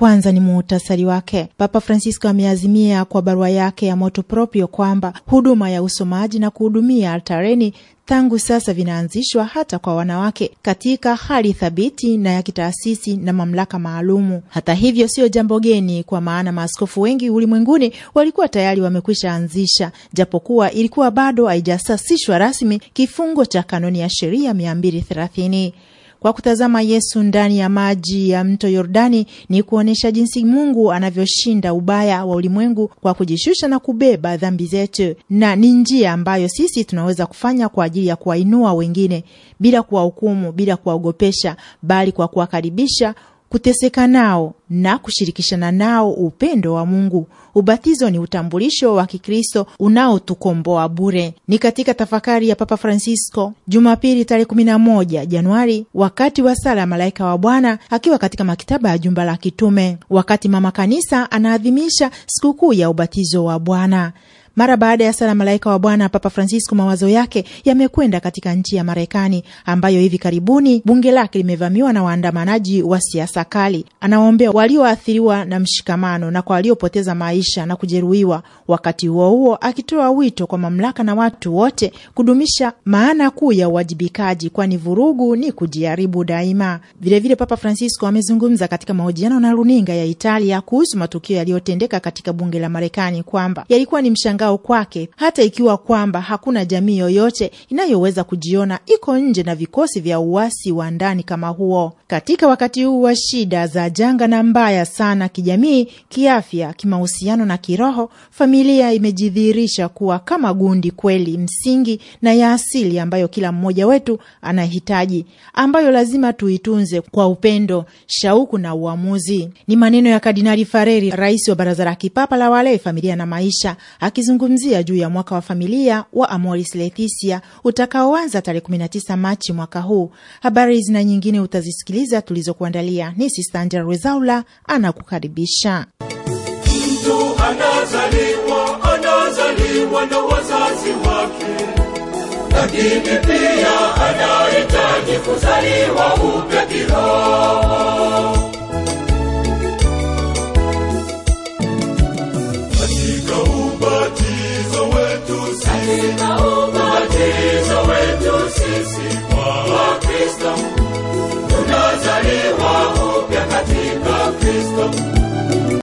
Kwanza ni muhutasari wake. Papa Francisco ameazimia kwa barua yake ya motu proprio kwamba huduma ya usomaji na kuhudumia altareni tangu sasa vinaanzishwa hata kwa wanawake katika hali thabiti na ya kitaasisi na mamlaka maalumu. Hata hivyo, sio jambo geni, kwa maana maaskofu wengi ulimwenguni walikuwa tayari wamekwisha anzisha, japokuwa ilikuwa bado haijasasishwa rasmi kifungo cha kanoni ya sheria 230. Kwa kutazama Yesu ndani ya maji ya mto Yordani ni kuonyesha jinsi Mungu anavyoshinda ubaya wa ulimwengu kwa kujishusha na kubeba dhambi zetu, na ni njia ambayo sisi tunaweza kufanya kwa ajili ya kuwainua wengine bila kuwahukumu, bila kuwaogopesha, bali kwa kuwakaribisha kuteseka nao na kushirikishana nao upendo wa Mungu. Ubatizo ni utambulisho wa Kikristo unaotukomboa bure. Ni katika tafakari ya Papa Francisco Jumapili tarehe 11 Januari, wakati wa sala ya malaika wa Bwana, akiwa katika maktaba ya jumba la kitume, wakati mama kanisa anaadhimisha sikukuu ya ubatizo wa Bwana. Mara baada ya sala malaika wa Bwana, Papa Francisco mawazo yake yamekwenda katika nchi ya Marekani ambayo hivi karibuni bunge lake limevamiwa na waandamanaji wa siasa kali. Anawaombea walioathiriwa na mshikamano na kwa waliopoteza maisha na kujeruhiwa, wakati huo huo akitoa wito kwa mamlaka na watu wote kudumisha maana kuu ya uwajibikaji, kwani vurugu ni kujiharibu daima. Vilevile vile Papa Francisco amezungumza katika mahojiano na runinga ya Italia kuhusu matukio yaliyotendeka katika bunge la Marekani kwamba yalikuwa ni mshanga mshangao kwake, hata ikiwa kwamba hakuna jamii yoyote inayoweza kujiona iko nje na vikosi vya uasi wa ndani kama huo katika wakati huu wa shida za janga na mbaya sana kijamii, kiafya, kimahusiano na kiroho. Familia imejidhihirisha kuwa kama gundi kweli msingi na ya asili ambayo kila mmoja wetu anahitaji, ambayo lazima tuitunze kwa upendo, shauku na uamuzi. Ni maneno ya Kardinali Fareri, rais wa Baraza la Kipapa la Walei, Familia na Maisha, akiz akizungumzia juu ya mwaka wa familia wa Amoris Laetitia utakaoanza tarehe 19 Machi mwaka huu. Habari hizi na nyingine utazisikiliza tulizokuandalia. Ni Sista Angela Rezaula anakukaribisha. Mtu anazaliwa, anazaliwa na wazazi wake, lakini pia anahitaji kuzaliwa upya kiroho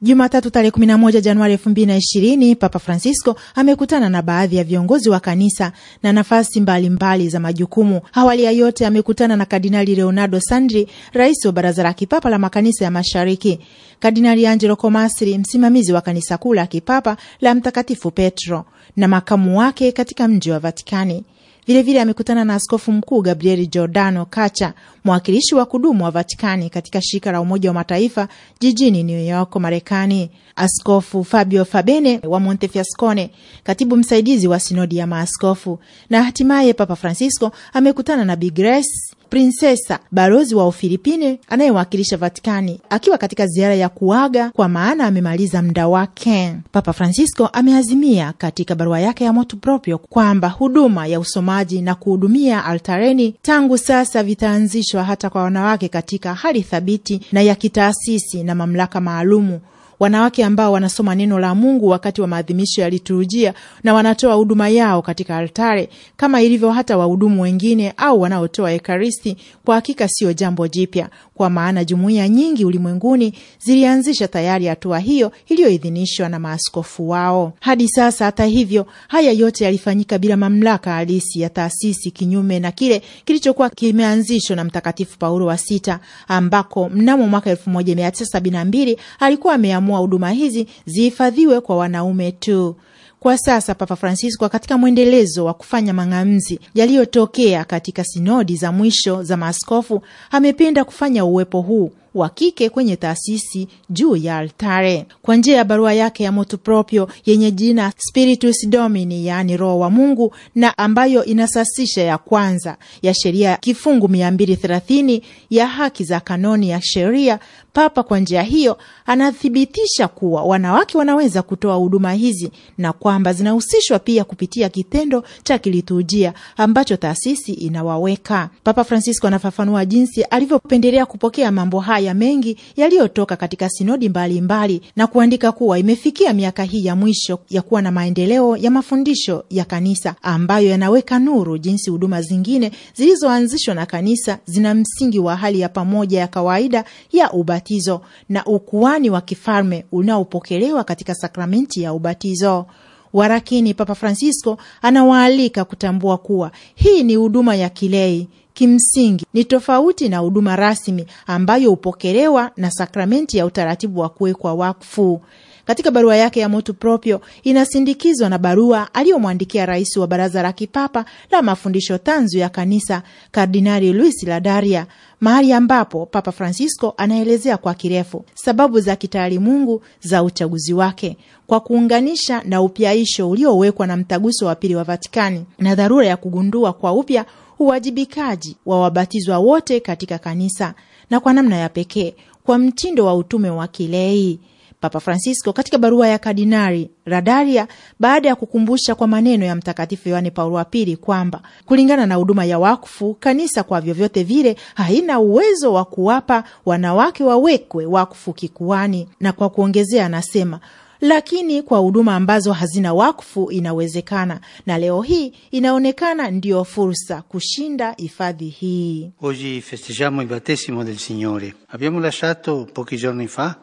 Jumatatu tarehe 11 Januari 2020 Papa Francisco amekutana na baadhi ya viongozi wa kanisa na nafasi mbalimbali mbali za majukumu. Awali ya yote amekutana na Kardinali Leonardo Sandri, rais wa Baraza la Kipapa la Makanisa ya Mashariki, Kardinali Angelo Komasri, msimamizi wa Kanisa Kuu la Kipapa la Mtakatifu Petro na makamu wake katika mji wa Vatikani. Vilevile amekutana na askofu mkuu Gabriel Giordano Kacha, mwakilishi wa kudumu wa Vatikani katika shirika la Umoja wa Mataifa jijini New York, Marekani, Askofu Fabio Fabene wa Montefiascone, katibu msaidizi wa sinodi ya maaskofu, na hatimaye Papa Francisco amekutana na Big Grace Prinsesa, balozi wa ufilipine anayewakilisha Vatikani, akiwa katika ziara ya kuaga kwa maana amemaliza muda wake. Papa Francisco ameazimia katika barua yake ya motu proprio kwamba huduma ya usomaji na kuhudumia altareni tangu sasa vitaanzishwa hata kwa wanawake katika hali thabiti na ya kitaasisi na mamlaka maalumu wanawake ambao wanasoma neno la Mungu wakati wa maadhimisho ya liturujia na wanatoa huduma yao katika altare kama ilivyo hata wahudumu wengine au wanaotoa Ekaristi, kwa hakika sio jambo jipya, kwa maana jumuiya nyingi ulimwenguni zilianzisha tayari hatua hiyo iliyoidhinishwa na maaskofu wao. Hadi sasa, hata hivyo, haya yote yalifanyika bila mamlaka halisi ya taasisi, kinyume na kile kilichokuwa kimeanzishwa na Mtakatifu Paulo wa Sita, ambako mnamo mwaka 1972 alikuwa ameamua kuamua huduma hizi zihifadhiwe kwa wanaume tu. Kwa sasa Papa Francisco katika mwendelezo wa kufanya mang'amzi yaliyotokea katika sinodi za mwisho za maaskofu amependa kufanya uwepo huu wa kike kwenye taasisi juu ya altare. Kwa njia ya barua yake ya motu proprio yenye jina Spiritus Domini, yaani Roho wa Mungu, na ambayo inasasisha ya kwanza ya sheria kifungu 230 ya haki za kanoni ya sheria, Papa kwa njia hiyo anathibitisha kuwa wanawake wanaweza kutoa huduma hizi na kwamba zinahusishwa pia kupitia kitendo cha kiliturujia ambacho taasisi inawaweka. Papa Francisco anafafanua jinsi alivyopendelea kupokea mambo haya haya mengi yaliyotoka katika sinodi mbalimbali mbali, na kuandika kuwa imefikia miaka hii ya mwisho ya kuwa na maendeleo ya mafundisho ya kanisa ambayo yanaweka nuru jinsi huduma zingine zilizoanzishwa na kanisa zina msingi wa hali ya pamoja ya kawaida ya ubatizo na ukuani wa kifalme unaopokelewa katika sakramenti ya ubatizo. Warakini Papa Francisco anawaalika kutambua kuwa hii ni huduma ya kilei kimsingi ni tofauti na huduma rasmi ambayo hupokelewa na sakramenti ya utaratibu wa kuwekwa wakfu. Katika barua yake ya motu proprio inasindikizwa na barua aliyomwandikia rais wa Baraza la Kipapa la Mafundisho Tanzu ya Kanisa, Kardinali Luis Ladaria, mahali ambapo Papa Francisco anaelezea kwa kirefu sababu za kitaalimungu za uchaguzi wake kwa kuunganisha na upyaisho uliowekwa na mtaguso wa pili wa Vatikani na dharura ya kugundua kwa upya uwajibikaji wa wabatizwa wote katika kanisa na kwa namna ya pekee kwa mtindo wa utume wa kilei. Papa Francisco katika barua ya Kardinari Radaria, baada ya kukumbusha kwa maneno ya Mtakatifu Yohane Paulo wa Pili kwamba kulingana na huduma ya wakfu, kanisa kwa vyovyote vile haina uwezo wa kuwapa wanawake wawekwe wakfu kikuani, na kwa kuongezea anasema lakini kwa huduma ambazo hazina wakfu inawezekana, na leo hii inaonekana ndiyo fursa kushinda hifadhi hii. Oggi festeggiamo il battesimo del Signore. Abbiamo lasciato pochi giorni fa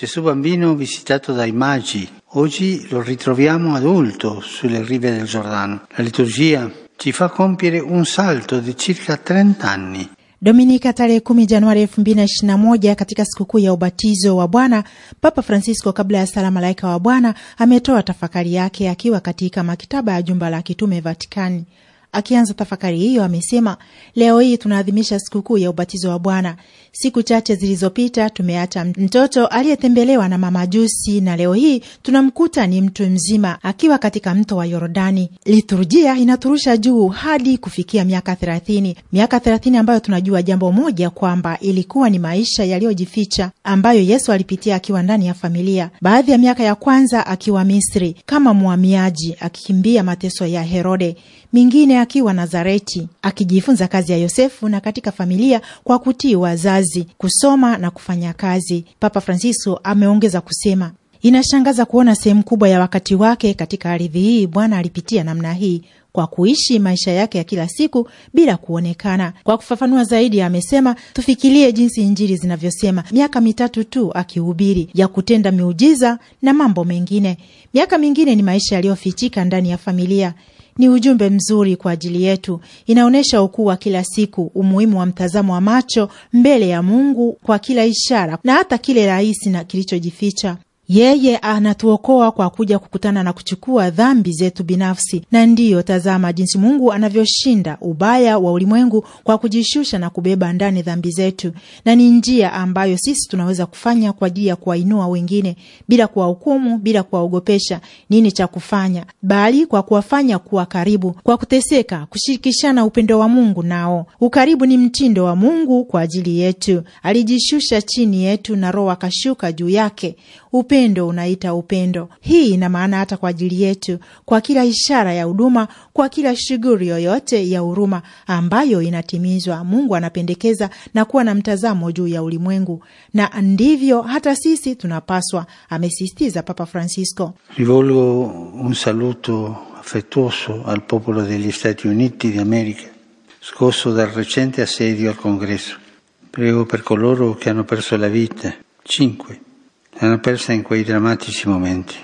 Gesù bambino visitato dai magi. Oggi lo ritroviamo adulto sulle rive del Giordano. La liturgia ci fa compiere un salto di circa 30 anni Dominika tarehe 10 Januari 2021 katika sikukuu ya ubatizo wa Bwana, Papa Francisco kabla ya sala malaika wa Bwana ametoa tafakari yake akiwa katika maktaba ya jumba la kitume Vatikani. Akianza tafakari hiyo amesema, leo hii tunaadhimisha sikukuu ya ubatizo wa Bwana, Siku chache zilizopita tumeacha mtoto aliyetembelewa na mama Jusi na leo hii tunamkuta ni mtu mzima akiwa katika mto wa Yordani. Liturujia inaturusha juu hadi kufikia miaka thelathini, miaka thelathini ambayo tunajua jambo moja kwamba ilikuwa ni maisha yaliyojificha ambayo Yesu alipitia akiwa ndani ya familia, baadhi ya miaka ya kwanza akiwa Misri kama mhamiaji akikimbia mateso ya Herode, mingine akiwa Nazareti akijifunza kazi ya Yosefu na katika familia kwa kutii wazazi kazi, kusoma na kufanya kazi. Papa Francisco ameongeza kusema inashangaza kuona sehemu kubwa ya wakati wake katika ardhi hii Bwana alipitia namna hii kwa kuishi maisha yake ya kila siku bila kuonekana. Kwa kufafanua zaidi, amesema tufikirie jinsi Injili zinavyosema, miaka mitatu tu akihubiri ya kutenda miujiza na mambo mengine. Miaka mingine ni maisha yaliyofichika ndani ya familia, ni ujumbe mzuri kwa ajili yetu. Inaonyesha ukuu wa kila siku, umuhimu wa mtazamo wa macho mbele ya Mungu kwa kila ishara na hata kile rahisi na kilichojificha. Yeye anatuokoa kwa kuja kukutana na kuchukua dhambi zetu binafsi. Na ndiyo, tazama jinsi Mungu anavyoshinda ubaya wa ulimwengu kwa kujishusha na kubeba ndani dhambi zetu, na ni njia ambayo sisi tunaweza kufanya kwa ajili ya kuwainua wengine bila kuwahukumu, bila kuwaogopesha nini cha kufanya, bali kwa kuwafanya kuwa karibu, kwa kuteseka, kushirikishana upendo wa Mungu nao. Ukaribu ni mtindo wa Mungu kwa ajili yetu. Alijishusha chini yetu na Roho akashuka juu yake upendo unaita upendo. Hii ina maana hata kwa ajili yetu, kwa kila ishara ya huduma, kwa kila shughuli yoyote ya huruma ambayo inatimizwa. Mungu anapendekeza na kuwa na mtazamo juu ya ulimwengu, na ndivyo hata sisi tunapaswa, amesisitiza Papa Francisco. Rivolgo un saluto affettuoso al popolo degli Stati Uniti di america scosso dal recente assedio al Congresso. Prego per coloro che hanno perso la vita. Cinque l'hanno persa in quei drammatici momenti.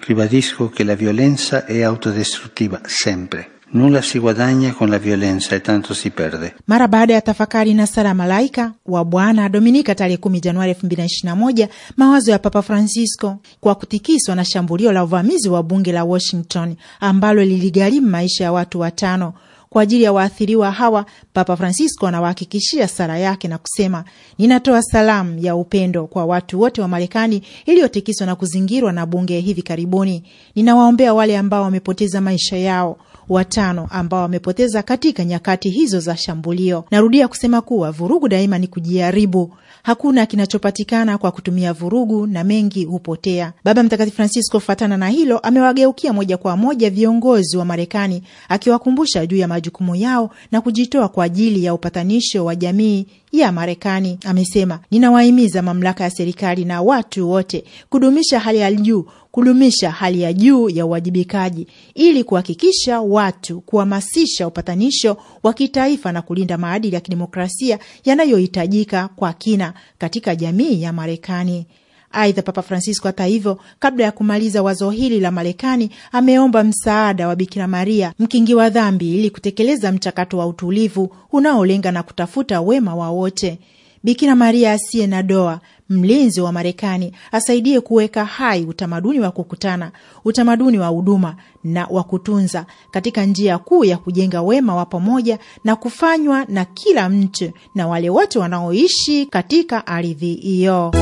Ribadisco che la violenza è autodestruttiva, sempre. Nulla si guadagna con la violenza e tanto si perde. Mara baada ya tafakari na sala malaika wa Bwana Dominika tarehe 10 Januari 2021, mawazo ya Papa Francisco kwa kutikiswa na shambulio la uvamizi wa bunge la Washington ambalo liligharimu maisha ya watu watano kwa ajili ya waathiriwa hawa, Papa Francisco anawahakikishia sala yake na kusema, ninatoa salamu ya upendo kwa watu wote wa Marekani iliyotikiswa na kuzingirwa na bunge hivi karibuni. Ninawaombea wale ambao wamepoteza maisha yao watano ambao wamepoteza katika nyakati hizo za shambulio. Narudia kusema kuwa vurugu daima ni kujiharibu. Hakuna kinachopatikana kwa kutumia vurugu na mengi hupotea. Baba Mtakatifu Francisco, fatana na hilo, amewageukia moja kwa moja viongozi wa Marekani akiwakumbusha juu ya majukumu yao na kujitoa kwa ajili ya upatanisho wa jamii ya Marekani. Amesema, ninawahimiza mamlaka ya serikali na watu wote kudumisha hali ya juu kudumisha hali ya juu ya uwajibikaji ili kuhakikisha watu kuhamasisha upatanisho wa kitaifa na kulinda maadili ya kidemokrasia yanayohitajika kwa kina katika jamii ya Marekani. Aidha, Papa Francisco, hata hivyo, kabla ya kumaliza wazo hili la Marekani, ameomba msaada wa Bikira Maria mkingi wa dhambi ili kutekeleza mchakato wa utulivu unaolenga na kutafuta wema wa wote. Bikira Maria asiye na doa mlinzi wa Marekani asaidie kuweka hai utamaduni wa kukutana, utamaduni wa huduma na wa kutunza katika njia kuu ya kujenga wema wa pamoja na kufanywa na kila mtu na wale wote wanaoishi katika ardhi hiyo.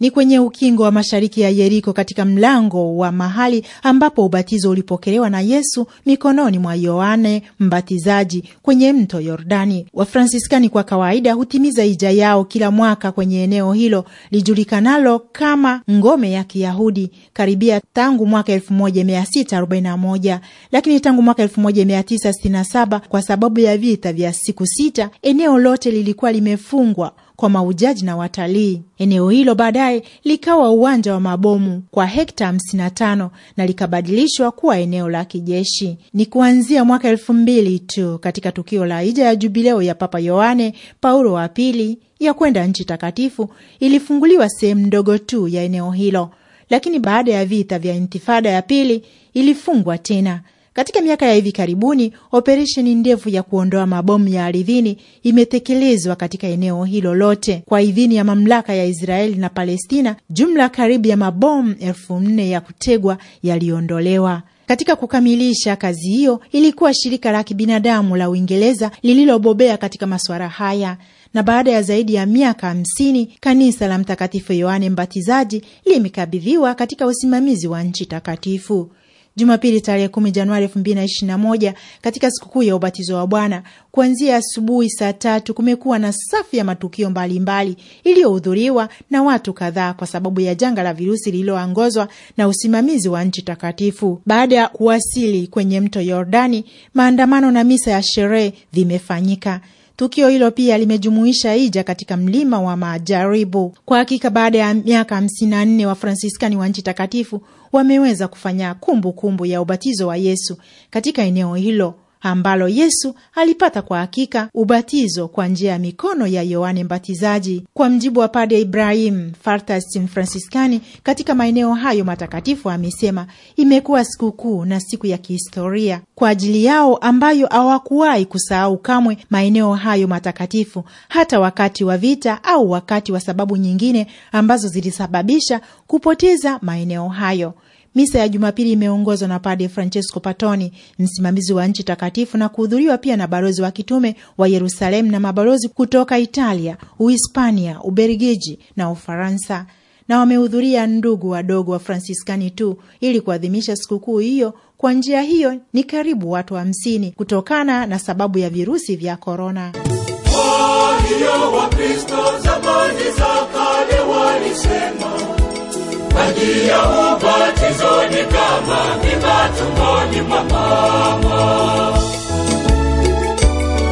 ni kwenye ukingo wa mashariki ya Yeriko, katika mlango wa mahali ambapo ubatizo ulipokelewa na Yesu mikononi mwa Yohane Mbatizaji kwenye mto Yordani. Wafransiskani kwa kawaida hutimiza hija yao kila mwaka kwenye eneo hilo lijulikanalo kama ngome ya Kiyahudi karibia tangu mwaka 1641, lakini tangu mwaka 1967 kwa sababu ya vita vya siku sita eneo lote lilikuwa limefungwa kwa maujaji na watalii. Eneo hilo baadaye likawa uwanja wa mabomu kwa hekta 55 na likabadilishwa kuwa eneo la kijeshi. Ni kuanzia mwaka elfu mbili tu katika tukio la hija ya jubileo ya Papa Yohane Paulo wa pili ya kwenda nchi takatifu ilifunguliwa sehemu ndogo tu ya eneo hilo, lakini baada ya vita vya intifada ya pili ilifungwa tena katika miaka ya hivi karibuni, operesheni ndefu ya kuondoa mabomu ya ardhini imetekelezwa katika eneo hilo lote. Kwa idhini ya mamlaka ya Israeli na Palestina, jumla karibu ya mabomu elfu nne ya kutegwa yaliondolewa. Katika kukamilisha kazi hiyo, ilikuwa shirika la kibinadamu la Uingereza lililobobea katika masuala haya na baada ya zaidi ya miaka hamsini kanisa la Mtakatifu Yohane Mbatizaji limekabidhiwa katika usimamizi wa nchi takatifu. Jumapili tarehe kumi Januari elfu mbili na ishirini na moja katika sikukuu ya ubatizo wa Bwana, kuanzia asubuhi saa tatu kumekuwa na safu ya matukio mbalimbali iliyohudhuriwa na watu kadhaa kwa sababu ya janga la virusi lililoongozwa na usimamizi wa nchi takatifu. Baada ya kuwasili kwenye mto Yordani, maandamano na misa ya sherehe vimefanyika. Tukio hilo pia limejumuisha hija katika mlima wa majaribu. Kwa hakika, baada ya miaka hamsini na nne Wafransiskani wa nchi takatifu wameweza kufanya kumbukumbu kumbu ya ubatizo wa Yesu katika eneo hilo ambalo Yesu alipata kwa hakika ubatizo kwa njia ya mikono ya Yohane Mbatizaji. Kwa mjibu wa Padre Ibrahim Fartas, Mfransiskani katika maeneo hayo matakatifu, amesema imekuwa sikukuu na siku ya kihistoria kwa ajili yao, ambayo hawakuwahi kusahau kamwe maeneo hayo matakatifu, hata wakati wa vita au wakati wa sababu nyingine ambazo zilisababisha kupoteza maeneo hayo. Misa ya Jumapili imeongozwa na Padre Francesco Patoni, msimamizi wa nchi takatifu, na kuhudhuriwa pia na balozi wa kitume wa Yerusalemu na mabalozi kutoka Italia, Uhispania, Ubelgiji na Ufaransa na wamehudhuria ndugu wadogo wa Fransiskani tu ili kuadhimisha sikukuu hiyo. Kwa njia hiyo ni karibu watu hamsini wa kutokana na sababu ya virusi vya korona. Kwa hiyo Wakristo zamani za kale walisema hadi ya ubatizoni kama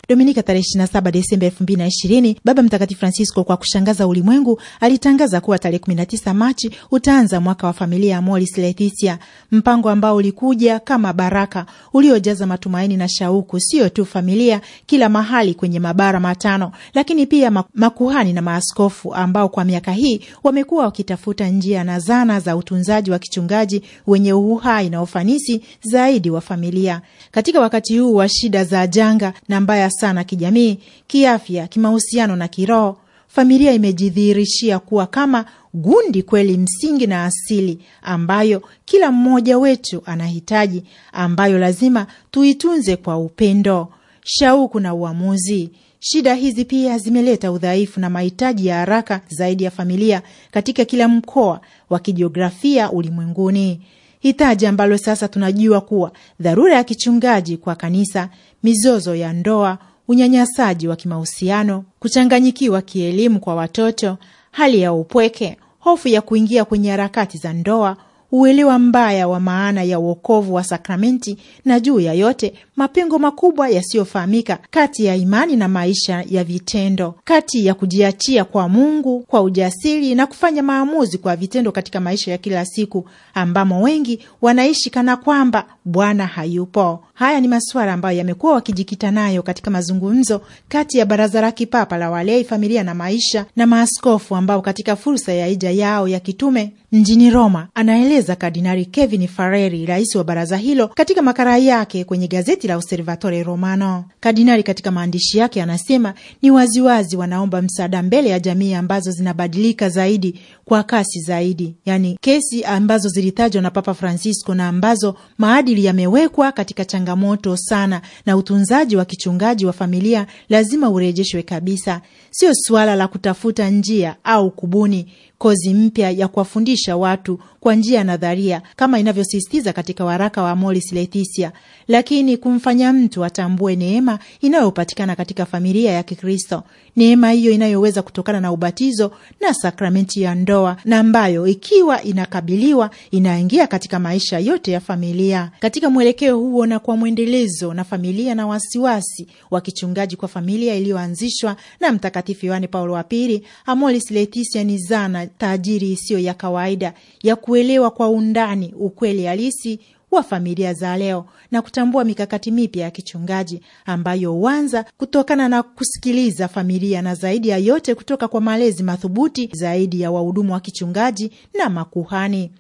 Dominika tarehe 27 Desemba 2020, Baba Mtakatifu Francisco kwa kushangaza ulimwengu alitangaza kuwa tarehe 19 Machi utaanza mwaka wa familia ya Amoris Laetitia, mpango ambao ulikuja kama baraka uliojaza matumaini na shauku, sio tu familia kila mahali kwenye mabara matano, lakini pia makuhani na maaskofu ambao kwa miaka hii wamekuwa wakitafuta njia na zana za utunzaji wa kichungaji wenye uhai na ufanisi zaidi wa familia katika wakati huu wa shida za janga na mbaya sana kijamii, kiafya, kimahusiano na kiroho. Familia imejidhihirishia kuwa kama gundi kweli msingi na asili ambayo kila mmoja wetu anahitaji, ambayo lazima tuitunze kwa upendo, shauku na uamuzi. Shida hizi pia zimeleta udhaifu na mahitaji ya haraka zaidi ya familia katika kila mkoa wa kijiografia ulimwenguni hitaji ambalo sasa tunajua kuwa dharura ya kichungaji kwa kanisa, mizozo ya ndoa, unyanyasaji wa kimahusiano, kuchanganyikiwa kielimu kwa watoto, hali ya upweke, hofu ya kuingia kwenye harakati za ndoa, uelewa mbaya wa maana ya uokovu wa sakramenti na juu ya yote mapengo makubwa yasiyofahamika kati ya imani na maisha ya vitendo, kati ya kujiachia kwa Mungu kwa ujasiri na kufanya maamuzi kwa vitendo katika maisha ya kila siku ambamo wengi wanaishi kana kwamba Bwana hayupo. Haya ni masuala ambayo yamekuwa wakijikita nayo katika mazungumzo kati ya Baraza la Kipapa la Walei, Familia na Maisha na maaskofu, ambao katika fursa ya hija yao ya kitume mjini Roma, anaeleza Kardinali Kevin fareri rais wa baraza hilo, katika makala yake kwenye gazeti la Osservatore Romano. Kardinali katika maandishi yake anasema ni waziwazi wanaomba msaada mbele ya jamii ambazo zinabadilika zaidi kwa kasi zaidi, yani kesi ambazo zilitajwa na Papa Francisco na ambazo maadili yamewekwa katika changamoto sana, na utunzaji wa kichungaji wa familia lazima urejeshwe kabisa. Sio suala la kutafuta njia au kubuni kozi mpya ya kuwafundisha watu kwa njia ya nadharia kama inavyosisitiza katika waraka wa Amoris Laetitia, lakini kumfanya mtu atambue neema inayopatikana katika familia ya Kikristo, neema hiyo inayoweza kutokana na ubatizo na sakramenti ya ndoa, na ambayo ikiwa inakabiliwa inaingia katika maisha yote ya familia. Katika mwelekeo huo na kwa mwendelezo na familia na wasiwasi wa kichungaji kwa familia iliyoanzishwa na Mtakatifu Yohane Paulo wa Pili, Amoris Laetitia ni zana tajiri isiyo ya kawaida ya kuelewa kwa undani ukweli halisi wa familia za leo na kutambua mikakati mipya ya kichungaji ambayo huanza kutokana na kusikiliza familia na zaidi ya yote kutoka kwa malezi madhubuti zaidi ya wahudumu wa kichungaji na makuhani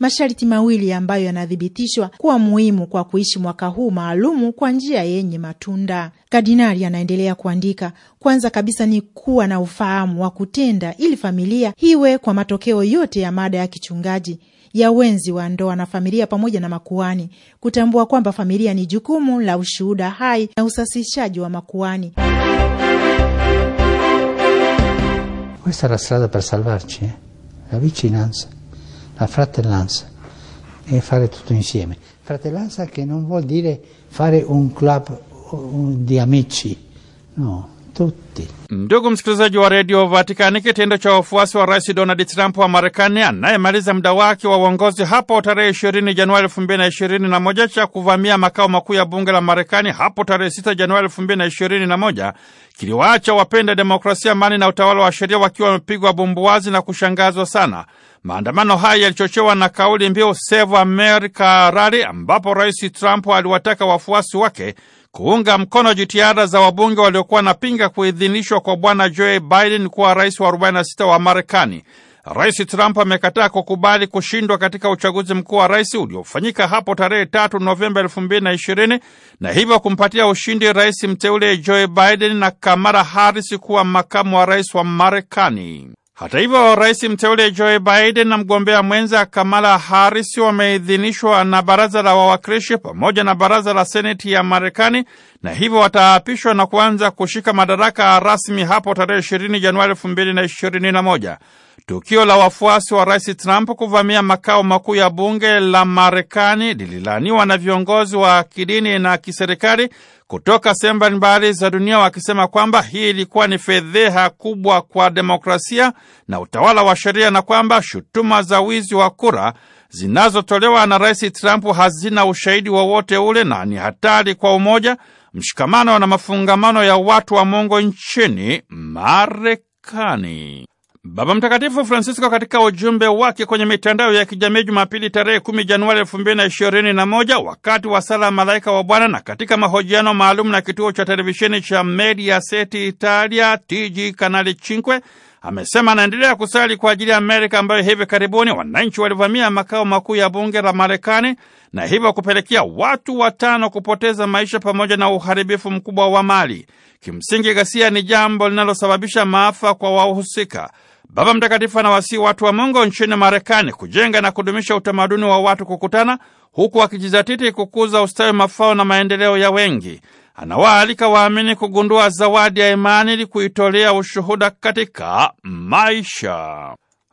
masharti mawili ambayo yanathibitishwa kuwa muhimu kwa kuishi mwaka huu maalumu kwa njia yenye matunda. Kardinali anaendelea kuandika, kwanza kabisa ni kuwa na ufahamu wa kutenda ili familia hiwe kwa matokeo yote ya mada ya kichungaji ya wenzi wa ndoa na familia pamoja na makuani, kutambua kwamba familia ni jukumu la ushuhuda hai na usasishaji wa makuani. Questa è la strada per salvarci, eh? la vicinanza la fratellanza e fare tutto insieme. Fratellanza che non vuol dire fare un club di amici, no, tutti. Ndugu msikilizaji wa redio Vatikani, kitendo cha wafuasi wa rais Donald Trump wa Marekani anayemaliza muda wake wa uongozi hapo tarehe ishirini Januari elfu mbili na ishirini na moja cha kuvamia makao makuu ya bunge la Marekani hapo tarehe sita Januari elfu mbili na ishirini na moja kiliwaacha wapenda demokrasia, amani na utawala wa sheria wakiwa wamepigwa bumbuazi na kushangazwa sana. Maandamano haya yalichochewa na kauli mbiu Save America Rally, ambapo rais Trump aliwataka wafuasi wake kuunga mkono jitihada za wabunge waliokuwa wanapinga kuidhinishwa kwa bwana Joe Biden kuwa rais wa 46 wa Marekani. Rais Trump amekataa kukubali kushindwa katika uchaguzi mkuu wa rais uliofanyika hapo tarehe 3 Novemba elfu na na hivyo kumpatia ushindi rais mteule Joe Biden na Kamala Harris kuwa makamu wa rais wa Marekani. Hata hivyo, rais mteule Joe Biden na mgombea mwenza Kamala Harris wameidhinishwa na baraza la wawakilishi pamoja na baraza la seneti ya Marekani na hivyo wataapishwa na kuanza kushika madaraka rasmi hapo tarehe 20 Januari 2021. Tukio la wafuasi wa Rais Trump kuvamia makao makuu ya bunge la Marekani lililaaniwa na viongozi wa kidini na kiserikali kutoka sehemu mbalimbali za dunia wakisema kwamba hii ilikuwa ni fedheha kubwa kwa demokrasia na utawala wa sheria na kwamba shutuma za wizi wa kura zinazotolewa na Rais Trump hazina ushahidi wowote ule na ni hatari kwa umoja mshikamano na mafungamano ya watu wa Mungu nchini Marekani. Baba Mtakatifu Francisco katika ujumbe wake kwenye mitandao ya kijamii Jumapili tarehe kumi Januari elfu mbili na ishirini na moja wakati wa sala ya malaika wa Bwana na katika mahojiano maalum na kituo cha televisheni cha seti Italia TG kanali Chinkwe Amesema anaendelea kusali kwa ajili ya Amerika ambayo hivi karibuni wananchi walivamia makao makuu ya bunge la Marekani na hivyo kupelekea watu watano kupoteza maisha pamoja na uharibifu mkubwa wa mali. Kimsingi, ghasia ni jambo linalosababisha maafa kwa wahusika. Baba Mtakatifu anawasihi watu wa Mungu nchini Marekani kujenga na kudumisha utamaduni wa watu kukutana, huku akijizatiti kukuza ustawi, mafao na maendeleo ya wengi anawaalika waamini kugundua zawadi ya imani ili kuitolea ushuhuda katika maisha.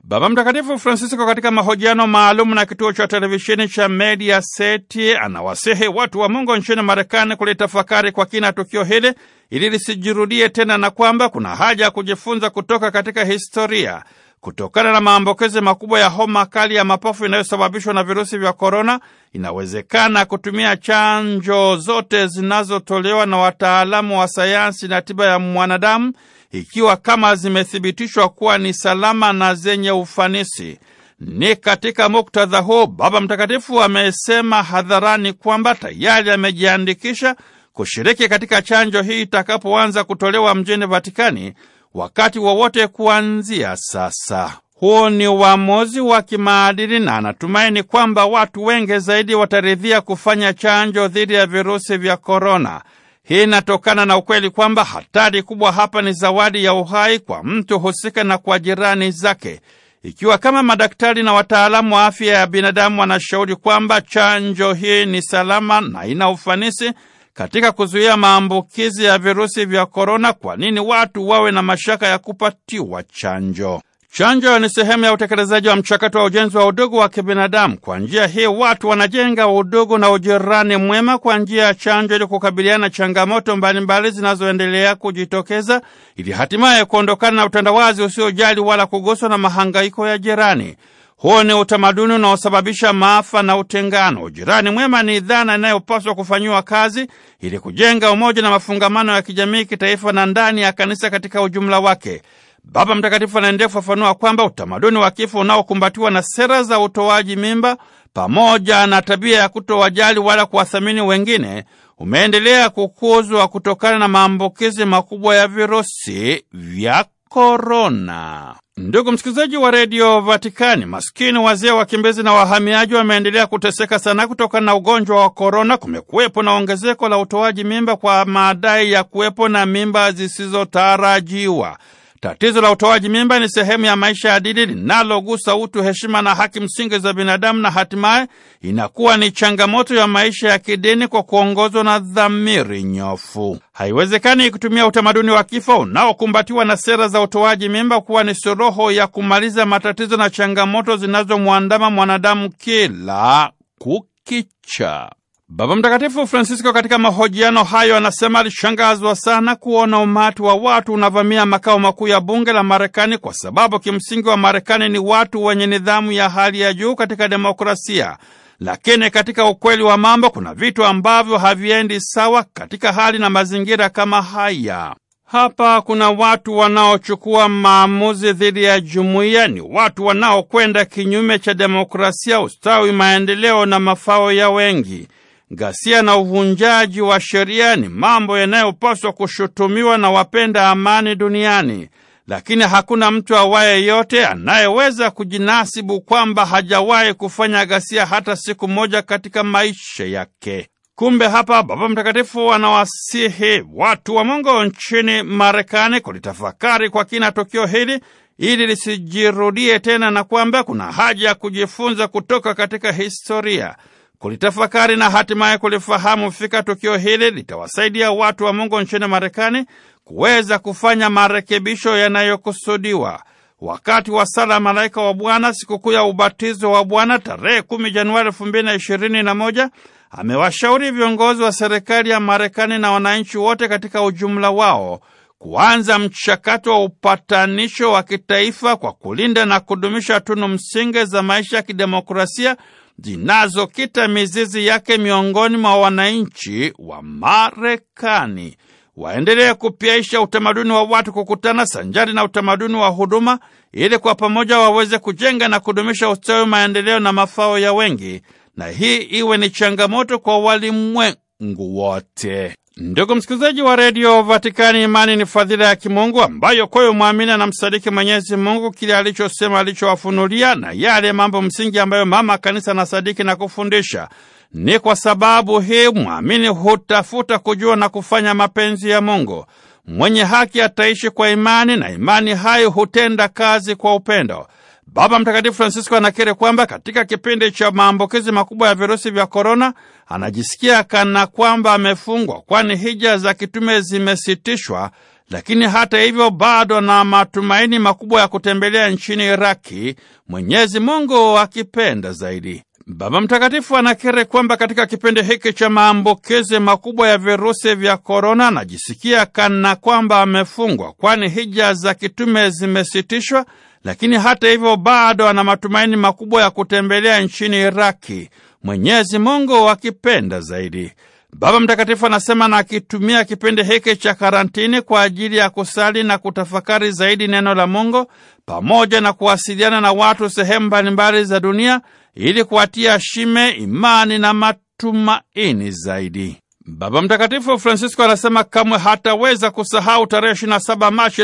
Baba Mtakatifu Francisco katika mahojiano maalum na kituo cha televisheni cha media Mediaset anawasihi watu wa Mungu nchini Marekani kulitafakari kwa kina tukio hili ili lisijirudie tena, na kwamba kuna haja ya kujifunza kutoka katika historia. Kutokana na maambukizi makubwa ya homa kali ya mapafu inayosababishwa na virusi vya korona, inawezekana kutumia chanjo zote zinazotolewa na wataalamu wa sayansi na tiba ya mwanadamu ikiwa kama zimethibitishwa kuwa ni salama na zenye ufanisi. Ni katika muktadha huu Baba Mtakatifu amesema hadharani kwamba tayari amejiandikisha kushiriki katika chanjo hii itakapoanza kutolewa mjini Vatikani wakati wowote kuanzia sasa. Huu ni uamuzi wa kimaadili na anatumaini kwamba watu wengi zaidi wataridhia kufanya chanjo dhidi ya virusi vya korona. Hii inatokana na ukweli kwamba hatari kubwa hapa ni zawadi ya uhai kwa mtu husika na kwa jirani zake. Ikiwa kama madaktari na wataalamu wa afya ya binadamu wanashauri kwamba chanjo hii ni salama na ina ufanisi katika kuzuia maambukizi ya virusi vya korona, kwa nini watu wawe na mashaka ya kupatiwa chanjo? Chanjo ni sehemu ya utekelezaji wa mchakato wa ujenzi wa udugu wa kibinadamu. Kwa njia hii, watu wanajenga udugu na ujirani mwema kwa njia ya chanjo, ili kukabiliana na changamoto mbalimbali zinazoendelea kujitokeza, ili hatimaye kuondokana na utandawazi usiojali wala kuguswa na mahangaiko ya jirani. Huo ni utamaduni unaosababisha maafa na utengano. Ujirani mwema ni dhana inayopaswa kufanyiwa kazi ili kujenga umoja na mafungamano ya kijamii, kitaifa na ndani ya kanisa katika ujumla wake. Baba Mtakatifu anaendelea kufafanua kwamba utamaduni wa kifo unaokumbatiwa na sera za utoaji mimba pamoja na tabia ya kutowajali wala kuwathamini wengine umeendelea kukuzwa kutokana na maambukizi makubwa ya virusi vya korona. Ndugu msikilizaji wa redio Vatikani, maskini, wazee, wakimbizi na wahamiaji wameendelea kuteseka sana kutokana na ugonjwa wa korona. Kumekuwepo na ongezeko la utoaji mimba kwa madai ya kuwepo na mimba zisizotarajiwa. Tatizo la utoaji mimba ni sehemu ya maisha ya dini linalogusa utu, heshima na haki msingi za binadamu, na hatimaye inakuwa ni changamoto ya maisha ya kidini kwa kuongozwa na dhamiri nyofu. Haiwezekani kutumia utamaduni wa kifo unaokumbatiwa na sera za utoaji mimba kuwa ni suluhu ya kumaliza matatizo na changamoto zinazomwandama mwanadamu kila kukicha. Baba Mtakatifu Francisco katika mahojiano hayo anasema alishangazwa sana kuona umati wa watu unavamia makao makuu ya bunge la Marekani kwa sababu kimsingi wa Marekani ni watu wenye nidhamu ya hali ya juu katika demokrasia. Lakini katika ukweli wa mambo kuna vitu ambavyo haviendi sawa katika hali na mazingira kama haya. Hapa kuna watu wanaochukua maamuzi dhidi ya jumuiya, ni watu wanaokwenda kinyume cha demokrasia, ustawi, maendeleo na mafao ya wengi. Ghasia na uvunjaji wa sheria ni mambo yanayopaswa kushutumiwa na wapenda amani duniani, lakini hakuna mtu awaye yote anayeweza kujinasibu kwamba hajawahi kufanya ghasia hata siku moja katika maisha yake. Kumbe hapa Baba Mtakatifu anawasihi watu wa Mungu nchini Marekani kulitafakari kwa kina tukio hili ili lisijirudie tena, na kwamba kuna haja ya kujifunza kutoka katika historia. Kulitafakari na hatimaye kulifahamu fika tukio hili litawasaidia watu wa Mungu nchini Marekani kuweza kufanya marekebisho yanayokusudiwa. Wakati wa sala malaika wa Bwana, sikukuu ya ubatizo wa Bwana tarehe 10 Januari 2021, amewashauri viongozi wa serikali ya Marekani na wananchi wote katika ujumla wao kuanza mchakato wa upatanisho wa kitaifa kwa kulinda na kudumisha tunu msingi za maisha ya kidemokrasia zinazokita mizizi yake miongoni mwa wananchi wa Marekani. Waendelee kupiaisha utamaduni wa watu kukutana sanjari na utamaduni wa huduma, ili kwa pamoja waweze kujenga na kudumisha ustawi, maendeleo na mafao ya wengi, na hii iwe ni changamoto kwa walimwengu wote. Ndugu msikilizaji wa redio Vatikani, imani ni fadhila ya kimungu ambayo kwayo mwamini anamsadiki Mwenyezi Mungu kile alichosema, alichowafunulia na yale mambo msingi ambayo mama kanisa anasadiki na kufundisha. Ni kwa sababu hii mwamini hutafuta kujua na kufanya mapenzi ya Mungu. Mwenye haki ataishi kwa imani na imani hayo hutenda kazi kwa upendo. Baba Mtakatifu Francisco anakiri kwamba katika kipindi cha maambukizi makubwa ya virusi vya korona anajisikia kana kwamba amefungwa, kwani hija za kitume zimesitishwa, lakini hata hivyo bado na matumaini makubwa ya kutembelea nchini Iraki, Mwenyezi Mungu akipenda zaidi. Baba Mtakatifu anakiri kwamba katika kipindi hiki cha maambukizi makubwa ya virusi vya korona anajisikia kana kwamba amefungwa, kwani hija za kitume zimesitishwa lakini hata hivyo bado ana matumaini makubwa ya kutembelea nchini Iraki, Mwenyezi Mungu akipenda zaidi. Baba Mtakatifu anasema na akitumia kipindi hiki cha karantini kwa ajili ya kusali na kutafakari zaidi neno la Mungu pamoja na kuwasiliana na watu sehemu mbalimbali za dunia ili kuwatia shime imani na matumaini zaidi. Baba Mtakatifu Francisco anasema kamwe hataweza kusahau tarehe 27 Machi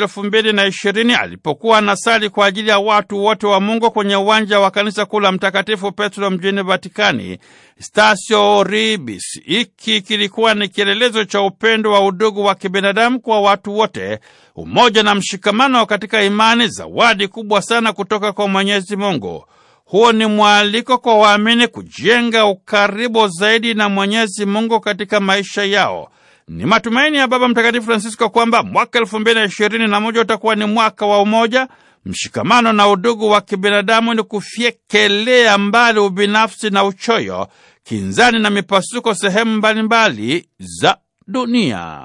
ishirini alipokuwa anasali kwa ajili ya watu wote wa Mungu kwenye uwanja wa kanisa kuu la Mtakatifu Petro mjini Vatikani, Stasio Oribis. Hiki kilikuwa ni kielelezo cha upendo wa udugu wa kibinadamu kwa watu wote, umoja na mshikamano katika imani, zawadi kubwa sana kutoka kwa Mwenyezi Mungu. Huu ni mwaliko kwa waamini kujenga ukaribu zaidi na Mwenyezi Mungu katika maisha yao. Ni matumaini ya Baba Mtakatifu Francisco kwamba mwaka elfu mbili na ishirini na moja utakuwa ni mwaka wa umoja, mshikamano na udugu wa kibinadamu, ni kufyekelea mbali ubinafsi na uchoyo, kinzani na mipasuko sehemu mbalimbali za dunia.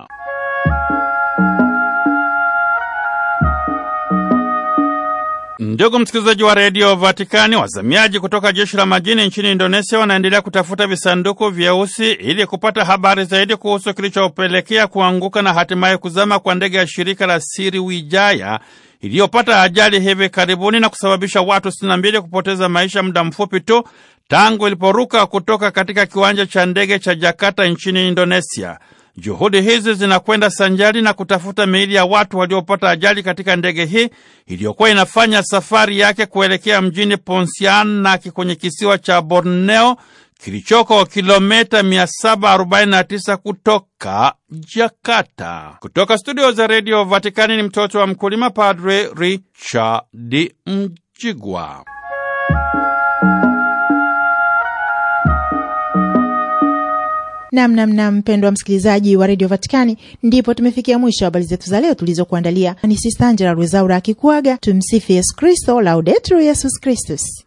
Ndugu msikilizaji wa redio Vatikani, wazamiaji kutoka jeshi la majini nchini Indonesia wanaendelea kutafuta visanduku vyeusi ili kupata habari zaidi kuhusu kilichopelekea kuanguka na hatimaye kuzama kwa ndege ya shirika la Sriwijaya iliyopata ajali hivi karibuni na kusababisha watu 62 kupoteza maisha muda mfupi tu tangu iliporuka kutoka katika kiwanja cha ndege cha Jakarta nchini Indonesia. Juhudi hizi zinakwenda sanjari na kutafuta miili ya watu waliopata ajali katika ndege hii iliyokuwa inafanya safari yake kuelekea mjini Pontianak kwenye kisiwa cha Borneo kilichoko kilomita 749 kutoka Jakarta. Kutoka studio za redio Vatikani ni mtoto wa mkulima, Padre Richard Mjigwa. Namnamna mpendwa msikilizaji wa redio Vatikani, ndipo tumefikia mwisho habari zetu za leo tulizokuandalia. Ni Sista Angela Rwezaura akikuaga. Tumsifi Yesu Kristo, Laudetur Yesus Kristus.